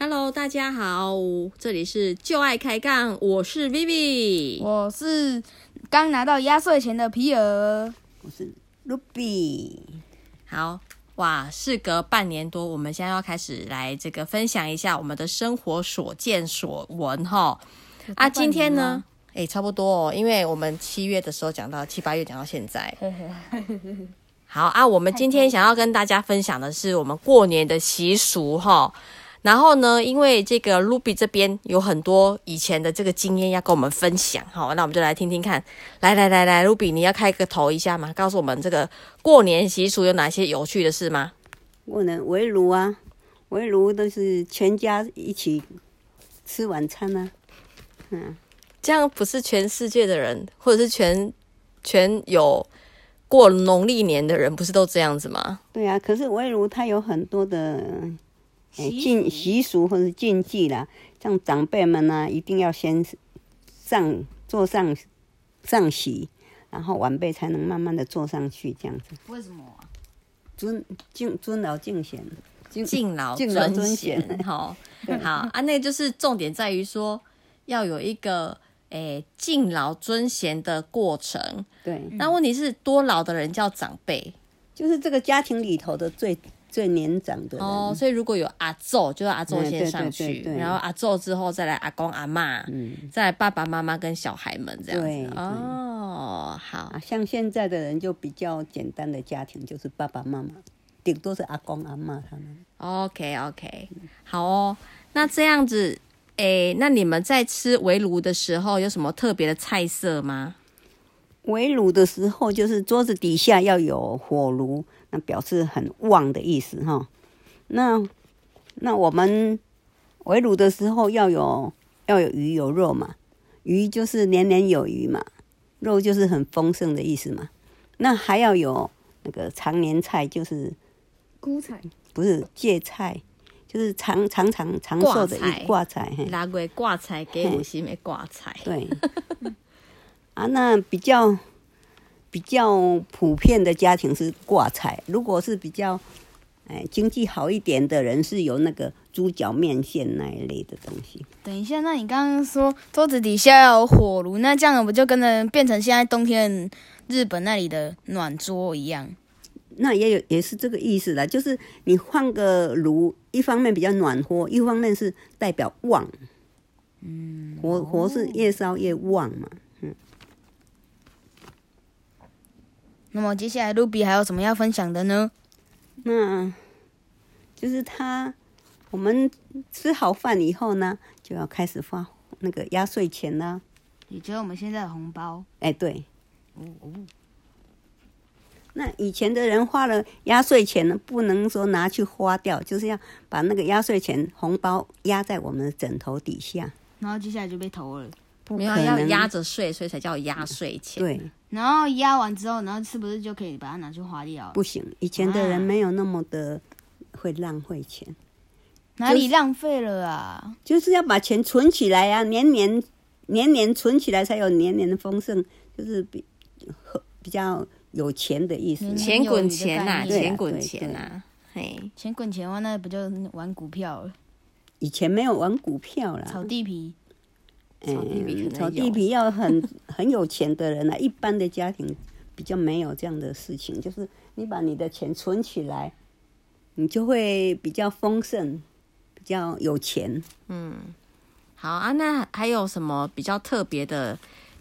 Hello，大家好，這裡是就愛開槓，我是 Vivi，我是剛拿到壓歲錢的 Pierre，我是 Ruby。好哇，事隔半年多，我們現在要開始來這個分享一下我們的生活所見所聞哈。啊，今天呢，誒，差不多哦，因為我們七月的時候講到七八月，講到現在。 好啊，我們今天想要跟大家分享的是我們過年的習俗哈。然後呢，因為這個 Ruby 這邊有很多以前的這個經驗要跟我們分享，好，那我們就來聽聽看。來來來來，Ruby，你要開個頭一下嘛，告訴我們這個過年習俗有哪些有趣的事嗎？我呢，圍爐啊，圍爐都是全家一起吃晚餐啊。嗯，這樣不是全世界的人，或者是全全有過農曆年的人，不是都這樣子嗎？對啊，可是圍爐它有很多的。欸、禁習俗或者禁忌啦，像長輩們呢、啊，一定要先上坐上上席，然後晚輩才能慢慢的坐上去，這樣子。為什麼、啊尊？尊敬尊老敬賢，敬老尊賢，哈，哦、對好啊，那就是重點在於說，要有一個誒、欸、敬老尊賢的過程。對，嗯、那問題是多老的人叫長輩，就是這個家庭裡頭的最。最年長的人哦，所以如果有阿祖，就是，阿祖先上去，然後阿祖之後再來阿公阿嬤，嗯、再來爸爸媽媽跟小孩們這樣子對哦。嗯、好、啊，像現在的人就比較簡單的家庭，就是爸爸媽媽，頂、就、多、是、是阿公阿嬤他們。OK OK，、嗯、好哦。那這樣子，誒，那你們在吃圍爐的時候有什麼特別的菜色嗎？圍爐的時候就是桌子底下要有火爐。那表示很旺的意思吼，那那我們圍爐的時候要有要有魚有肉嘛，魚就是年年有餘嘛，肉就是很豐盛的意思嘛，那還要有那個常年菜就是，菇菜不是芥菜，就是長長長長壽的一掛菜，拿過掛菜給五心的掛菜，嘿對， 啊那比較。比較普遍的家庭是掛彩，如果是比較，哎，經濟好一點的人是有那個豬腳麵線那一類的東西。等一下，那你剛剛說桌子底下有火爐，那這樣不就跟着變成現在冬天日本那裡的暖桌一樣？那也有，也是這個意思啦，就是你換個爐，一方面比較暖和，一方面是代表旺，嗯，火火是越燒越旺嘛。那麼接下來路比還有什麼要分享的呢？那，就是他，我們吃好飯以後呢，就要開始發那個壓歲錢呢。你覺得我們現在的紅包？哎、欸，對。哦哦。哦，那以前的人花了壓歲錢呢，不能說拿去花掉，就是要把那個壓歲錢紅包壓在我們的枕頭底下，然後接下來就被偷了。沒有要壓着稅，所以才叫壓歲錢。對，然後壓完之後，然後是不是就可以把它拿去花掉了？不行，以前的人沒有那麼的會浪費錢，啊、哪裡浪費了啊、就是？就是要把錢存起來呀、啊，年年年年存起來，才有年年的豐盛，就是比比較有錢的意思。錢滾錢吶、啊，錢滾錢吶、啊，嘿、啊，錢滾錢的話，那不就玩股票了？以前沒有玩股票啦，炒地皮。地，嗯，炒地皮要很 很有錢的人呢、啊，一般的家庭比較沒有這樣的事情。就是你把你的錢存起來，你就會比較豐盛，比較有錢。嗯，好啊，那還有什麼比較特別的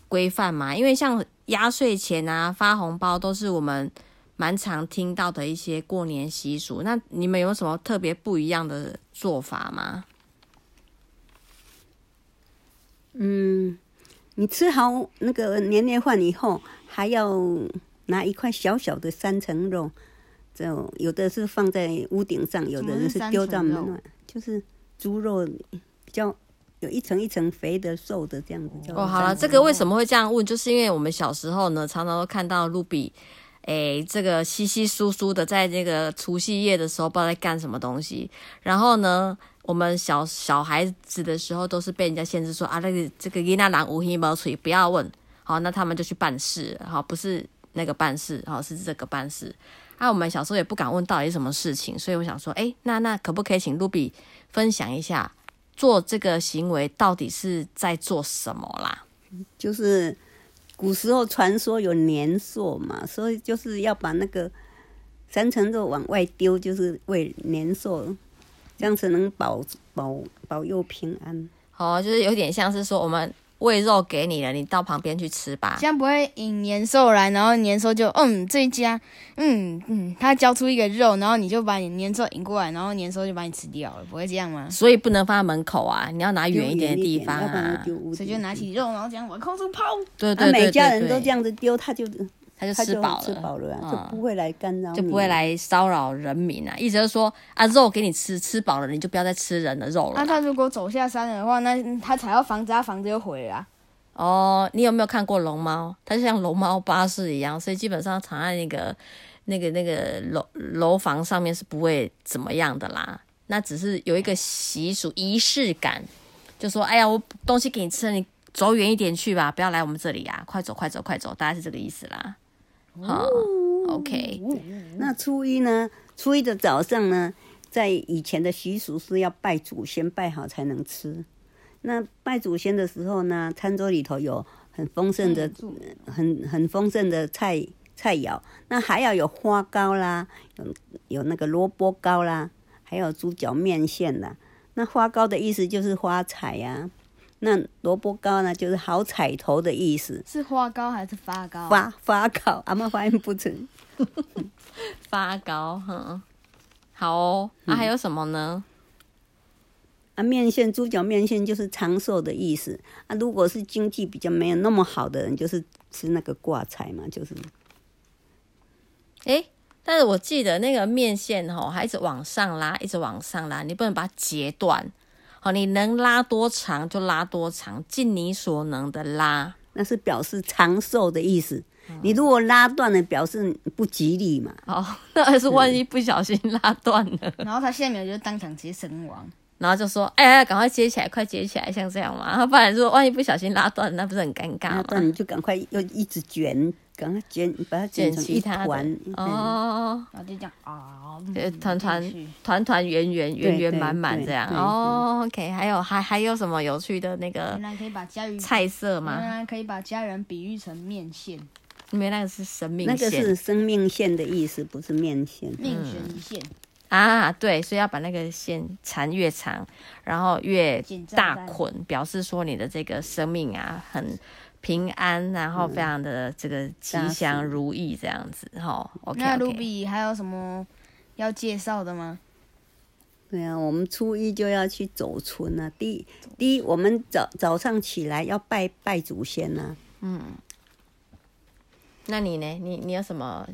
規範嗎？因為像壓歲錢啊、發紅包都是我們蠻常聽到的一些過年習俗。那你們有什麼特別不一樣的做法嗎？嗯，你吃好那個年夜飯以後，還要拿一塊小小的三層肉，就有的是放在屋頂上，有的人是丟在門外，是就是豬肉比較有一層一層肥的瘦的這樣子。哦，好了，這個為什麼會這樣問？就是因為我們小時候呢，常常都看到路比。哎，這個稀稀疏疏的，在這個除夕夜的時候，不知道在幹什麼東西。然後呢，我們小小孩子的時候，都是被人家限制說啊，那個這個伊娜蘭無希莫不要問。好、哦，那他們就去辦事，好、哦，不是那個辦事，好、哦、是這個辦事。那、啊、我們小時候也不敢問到底是什麼事情，所以我想說，哎，那那可不可以請路比分享一下，做這個行為到底是在做什麼啦？就是。古時候傳說有年獸嘛，所以就是要把那個三層肉往外丟，就是為年獸，這樣子能保保保佑平安。好啊，就是有點像是說我們。餵肉給你了，你到旁邊去吃吧。這樣不會引年獸來，然後年獸就嗯這一家，嗯嗯,嗯，他交出一個肉，然後你就把你年獸引過來，然後年獸就把你吃掉了，不會這樣嗎？所以不能放在門口啊，你要拿遠一點的地方啊。遠遠所以就拿起肉，然後這樣往空中拋。對對,對,對,對,對。啊，每家人都這樣子丟，他就。他就吃飽了，就不會來干擾，就不會來騷擾人民了。意思就是說，啊，肉給你吃，吃飽了你就不要再吃人的肉了。那、啊、他如果走下山的話，那他踩到房子，那房子就毀了、啊。哦，你有沒有看過龍貓？它就像龍貓巴士一樣，所以基本上藏在那個、那個、那個樓樓房上面是不會怎麼樣的啦。那只是有一個習俗儀式感，就說，哎呀，我東西給你吃，你走遠一點去吧，不要來我們這裡呀、啊，快走，快走，快走，大概是這個意思啦。好、哦哦，OK。那初一呢？初一的早上呢，在以前的習俗是要拜祖先，拜好才能吃。那拜祖先的時候呢，餐桌裡頭有很豐盛的、很很豐盛的菜菜餚。那還要有花糕啦，有有那個蘿蔔糕啦，還有豬腳麵線啦。那花糕的意思就是花彩呀、啊。那蘿蔔糕呢，就是好彩頭的意思。是花糕還是發糕？發發糕，阿媽發音不成 發糕，哈好哦。那、嗯啊、還有什麼呢？啊，麵線豬腳麵線就是長壽的意思。啊，如果是經濟比較沒有那麼好的人，就是吃那個掛彩嘛，就是。哎、欸，但是我記得那個麵線吼、哦，它一直往上拉，一直往上拉，你不能把它截斷。好，你能拉多長就拉多長，盡你所能的拉，那是表示長壽的意思。哦、你如果拉斷了，表示不吉利嘛。哦，那還是萬一不小心拉斷了。是然後他現在沒有，就當場直接身亡。然後就說：“哎、欸、呀，趕快接起來，快接起來，像這樣嘛。不然說萬一不小心拉斷，那不是很尷尬嗎？拉斷你就趕快又一直卷。”剛剛剪，把它剪成一團。對哦，然後就啊，團團團團圓圓圓圓滿滿這樣哦。對對對 oh, OK，還有還還有什麼有趣的那個？原來可以把家人菜色嗎？原來可以把家人比喻成麵線，因為那個是生命線，那個是生命線的意思，不是麵線。命懸一線啊，對，所以要把那個線纏越長，然後越大捆，表示說你的這個生命啊很。平安，然後非常的這個吉祥如意這樣子哈。那路比還有什麼要介紹的嗎？對呀、啊，我們初一就要去走春吶、啊。第一春第一，我們早早上起來要拜拜祖先、啊、嗯，那你呢？你你有什麼？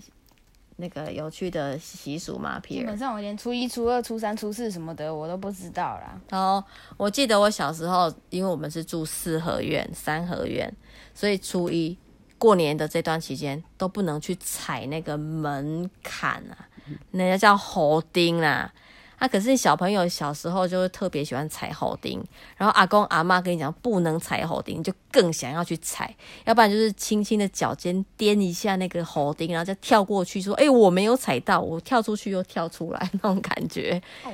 那個有趣的習俗嘛，基本上我連初一、初二、初三、初四什麼的我都不知道啦。哦，oh, 我記得我小時候，因為我們是住四合院、三合院，所以初一過年的這段期間都不能去踩那個門檻啊，嗯、那叫猴丁啦、啊。那、啊、可是小朋友小時候就會特別喜歡踩厚釘，然後阿公阿媽跟你講不能踩厚釘，你就更想要去踩，要不然就是輕輕的腳尖踮一下那個厚釘，然後再跳過去說：“哎、欸，我沒有踩到，我跳出去又跳出來那種感覺。哦”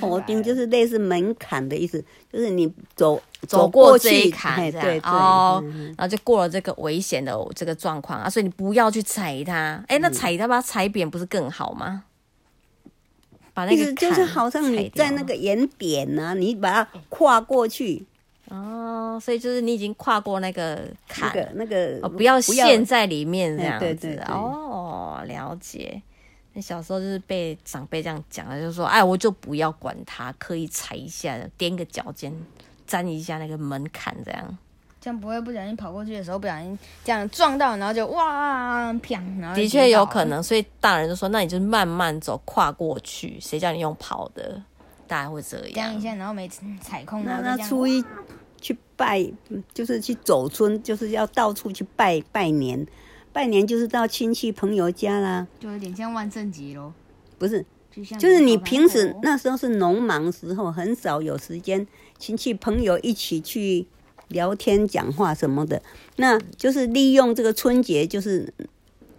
厚釘、 啊、就是類似門檻的意思，就是你走走過，去走過這一坎，嘿對對，對、哦嗯、然後就過了這個危險的這個狀況啊，所以你不要去踩它。哎、欸，那踩它把它踩扁不是更好嗎？把那個，就是好像你在那個岩點吶，你把它跨過去、欸，哦，所以就是你已經跨過那個坎，那個、那個哦、不要陷在裡面這樣子、欸、對對對哦，了解。那小時候就是被長輩這樣講了，就說：“哎，我就不要管它，可以踩一下，踮個腳尖，沾一下那個門檻這樣。”這樣不會不小心跑過去的時候，不小心這樣撞到，然後就哇，砰！然後的確有可能，所以大人就說：“那你就是慢慢走，跨過去。誰叫你用跑的，大人會這樣。”等一下，然後沒踩空，然後他初一哇去拜，就是去走村，就是要到處去拜拜年。拜年就是到親戚朋友家啦，就有點像萬聖節嘍。不是，就像就是你平時那時候是農忙時候，很少有時間，親戚朋友一起去。聊天、講話什麼的，那就是利用這個春節，就是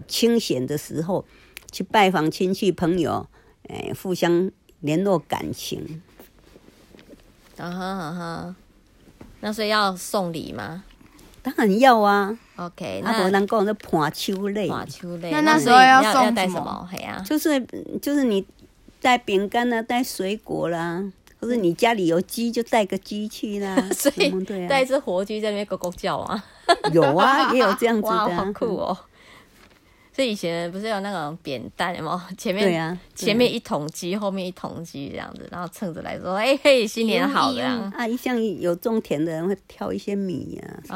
清閒的時候，去拜訪親戚朋友，哎、欸，互相聯絡感情。啊哈哈，那時候要送禮嗎？當然要啊。OK，阿婆能夠是伴手禮。啊、那那時候要送、嗯、什麼？啊、就是就是你帶餅乾啦，帶水果啦、啊。不是你家裡有雞就帶個雞去啦，對，帶隻活雞在那邊咕咕叫啊。 有啊，也有這樣子的、啊。好酷哦！所以，以前不是有那種扁擔嗎？前面、對啊對啊、前面一桶雞，後面一桶雞這樣子，然後蹭着來說：“哎、啊欸、嘿，新年好呀！”椅啊，一向有種田的人會挑一些米啊什麼的、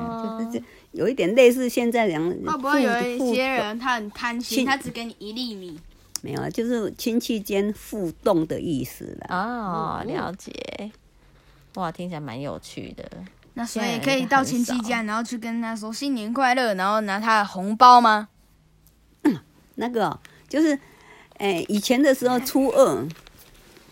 啊嗯，就是有一點類似現在個人。會、啊、不會有一些人他很貪心，是他只給你一粒米？沒有啊，就是親戚間互動的意思啦。哦，了解。哇，聽起來蠻有趣的。那所以可以到親戚家，然後去跟他說新年快樂，然後拿他的紅包嗎？那個、喔、就是，哎、欸，以前的時候初二，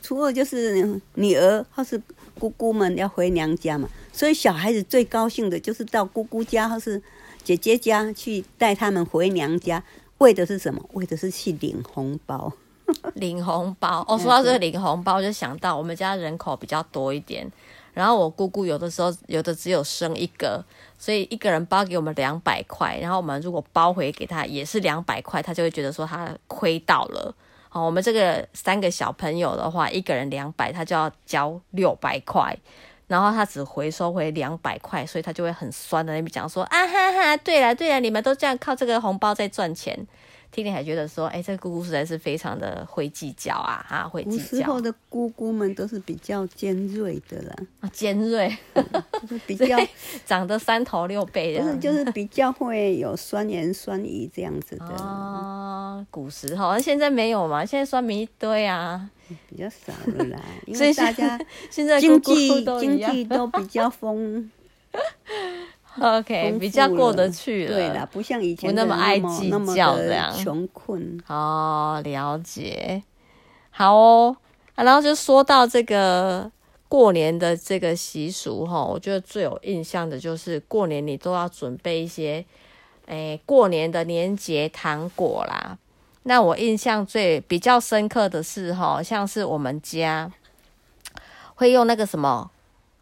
初二就是女兒或是姑姑們要回娘家嘛，所以小孩子最高興的就是到姑姑家或是姐姐家去帶他們回娘家。為的是什麼？為的是去領紅包， 領紅包。哦，說到這個領紅包，我就想到我們家人口比較多一點，然後我姑姑有的時候有的只有生一個，所以一個人包給我們兩百塊，然後我們如果包回給他也是兩百塊，他就會覺得說他虧到了。好，我們這個三個小朋友的話，一個人兩百，他就要交六百塊。然後他只回收回兩百塊，所以他就會很酸的那邊講說啊哈哈，對了、啊、對了、啊、你們都這樣靠這個紅包在賺錢。聽聽還覺得說，哎、欸，這個姑姑實在是非常的會計較啊啊會計較。古時候的姑姑們都是比較尖銳的了、啊，尖銳，嗯、就是、比較長得三頭六臂的，就是就是比較會有酸言酸語這樣子的。 哦古時哈，現在沒有嘛，現在酸米一堆啊。嗯、比較少啦，因為大家經濟現在咕咕都經濟經濟都比較豐 ，OK，比較過得去了，對啦，不像以前不那麼愛計較這樣窮困。哦，了解，好哦。然後就說到這個過年的這個習俗哈，我覺得最有印象的就是過年你都要準備一些，哎、欸，過年的年節糖果啦。那我印象最比較深刻的是好像是我們家會用那個什麼，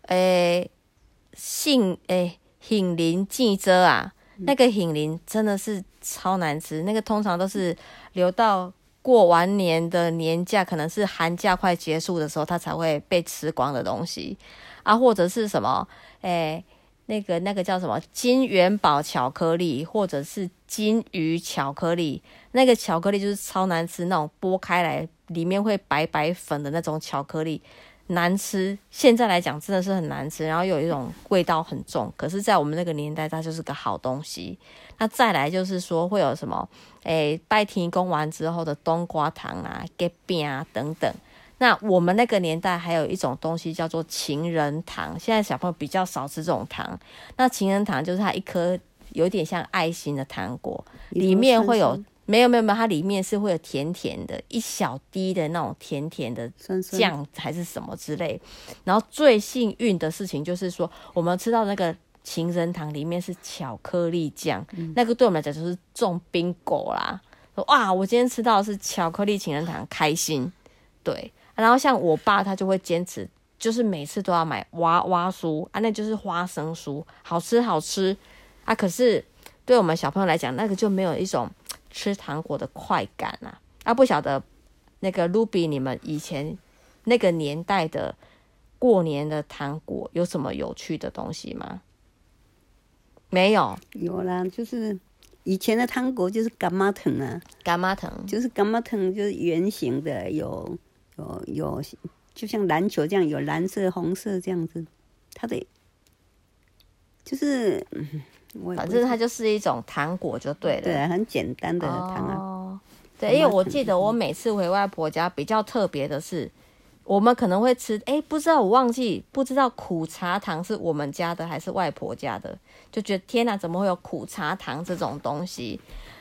誒、欸，杏誒，杏、欸、林記者啊，那個杏林真的是超難吃。那個通常都是留到過完年的年假，可能是寒假快結束的時候，它才會被吃光的東西啊，或者是什麼誒。欸那個那個叫什麼金元寶巧克力，或者是金魚巧克力？那個巧克力就是超難吃，那種剝開來裡面會白白粉的那種巧克力，難吃。現在來講真的是很難吃。然後有一種味道很重，可是在我們那個年代它就是個好東西。那再來就是說會有什麼？哎，拜天公完之後的冬瓜糖啊、給餅啊等等。那我們那個年代還有一種東西叫做情人糖，現在小朋友比較少吃這種糖。那情人糖就是它一顆有點像愛心的糖果，裡面會有沒有沒有沒有，它裡面是會有甜甜的一小滴的那種甜甜的醬還是什麼之類。然後最幸運的事情就是說，我們吃到那個情人糖裡面是巧克力醬，那個對我們來講就是中冰果啦。說，哇，我今天吃到的是巧克力情人糖，開心，對。啊、然後像我爸他就會堅持，就是每次都要買娃娃酥啊，那就是花生酥，好吃好吃啊。可是對我們小朋友來講，那個就沒有一種吃糖果的快感啊。啊。不曉得那個 Ruby 你們以前那個年代的過年的糖果有什麼有趣的東西嗎？沒有，有啦，就是以前的糖果就是乾媽藤啊，乾媽藤，就是乾媽藤，就是圓形的有。有有，就像籃球這樣，有藍色、紅色這樣子，它的就是，反正它就是一種糖果就對了。對，很簡單的糖啊。對，因為我記得我每次回外婆家，比較特別的是，我們可能會吃，哎，不知道我忘記，不知道苦茶糖是我們家的還是外婆家的，就覺得天哪，怎麼會有苦茶糖這種東西？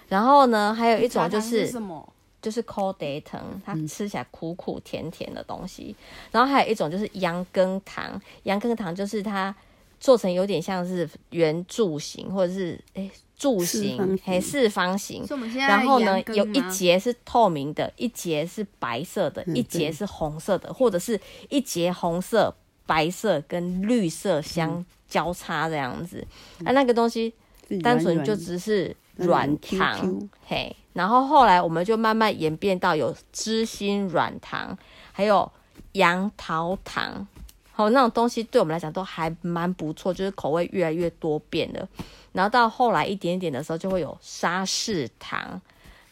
然後呢，還有一種就是，是什麼？就是苦茶糖，它吃起來苦苦甜甜的東西。嗯、然後還有一種就是羊羹糖，羊羹糖就是它做成有點像是圓柱形或者是哎，柱形，哎，四方形。方形然後呢，有一節是透明的，一節是白色的，嗯、一節是紅色的，嗯、或者是一節紅色、白色跟綠色相交叉這樣子。嗯、啊，那個東西單純就只是。軟糖，Q Q 嘿，然後後來我們就慢慢演變到有芝心軟糖，還有楊桃糖，好，那種東西對我們來講都還蠻不錯，就是口味越來越多變了。然後到後來一點點的時候，就會有沙士糖，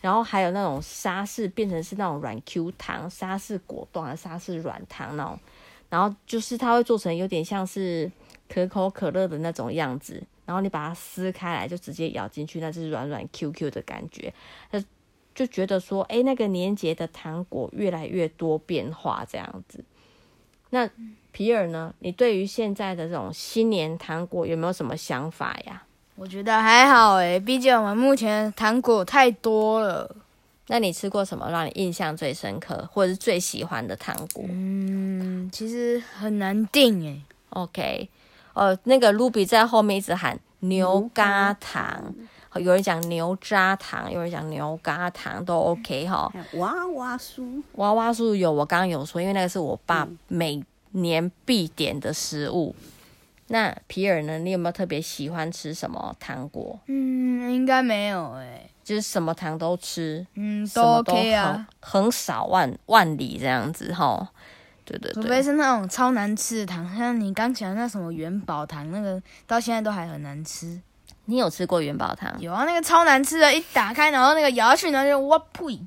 然後還有那種沙士變成是那種軟 Q 糖，沙士果凍啊，沙士軟糖那種，然後就是它會做成有點像是可口可樂的那種樣子。然後你把它撕開來，就直接咬進去，那就是軟軟 QQ 的感覺，就就覺得說，哎，那個年節的糖果越來越多變化這樣子。那 Pierre 呢？你對於現在的這種新年糖果有沒有什麼想法呀？我覺得還好哎，畢竟我們目前糖果太多了。那你吃過什麼讓你印象最深刻，或者是最喜歡的糖果？嗯，其實很難定哎。OK。呃，那個路比在後面一直喊牛軋糖，有人講牛渣糖，有人講牛軋糖都 OK 哈。娃娃酥娃娃酥有我剛剛有說，因為那個是我爸每年必點的食物。嗯、那皮爾呢，你有沒有特別喜歡吃什麼糖果？嗯，應該沒有哎、欸，就是什麼糖都吃，嗯，都 OK 啊，很,很少萬萬裡這樣子哇對，對對，對。特別是那種超難吃的糖，像你剛講的那什麼元寶糖，那個到現在都還很難吃。你有吃過元寶糖？有啊，那個超難吃的，一打開，然後那個咬下去，然後就哇呸！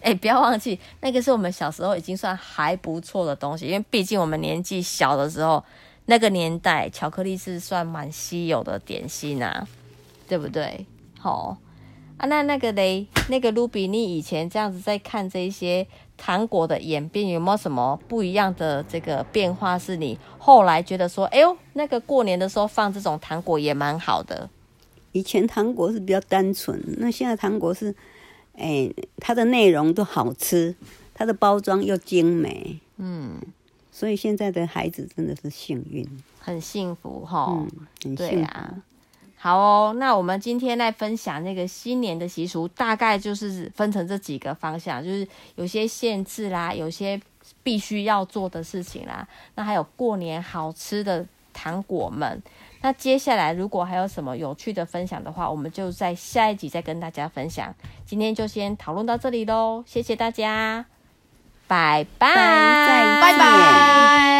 哎、 欸，不要忘記，那個是我們小時候已經算還不錯的東西，因為畢竟我們年紀小的時候，那個年代巧克力是算蠻稀有的點心吶、啊，對不對？好啊，那那個嘞，那個路比，你以前這樣子在看這些糖果的演變有沒有什麼不一樣的這個變化？是你後來覺得說，哎呦，那個過年的時候放這種糖果也蠻好的。以前糖果是比較單純，那現在糖果是，哎、欸，它的內容都好吃，它的包裝又精美。嗯，所以現在的孩子真的是幸運，很幸福哈、嗯，很幸福。對啊。好哦，那我們今天來分享那個新年的習俗，大概就是分成這幾個方向，就是有些限制啦，有些必須要做的事情啦，那還有過年好吃的糖果們。那接下來如果還有什麼有趣的分享的話，我們就在下一集再跟大家分享。今天就先討論到這裡嘍，謝謝大家，拜拜，再見，拜拜。拜拜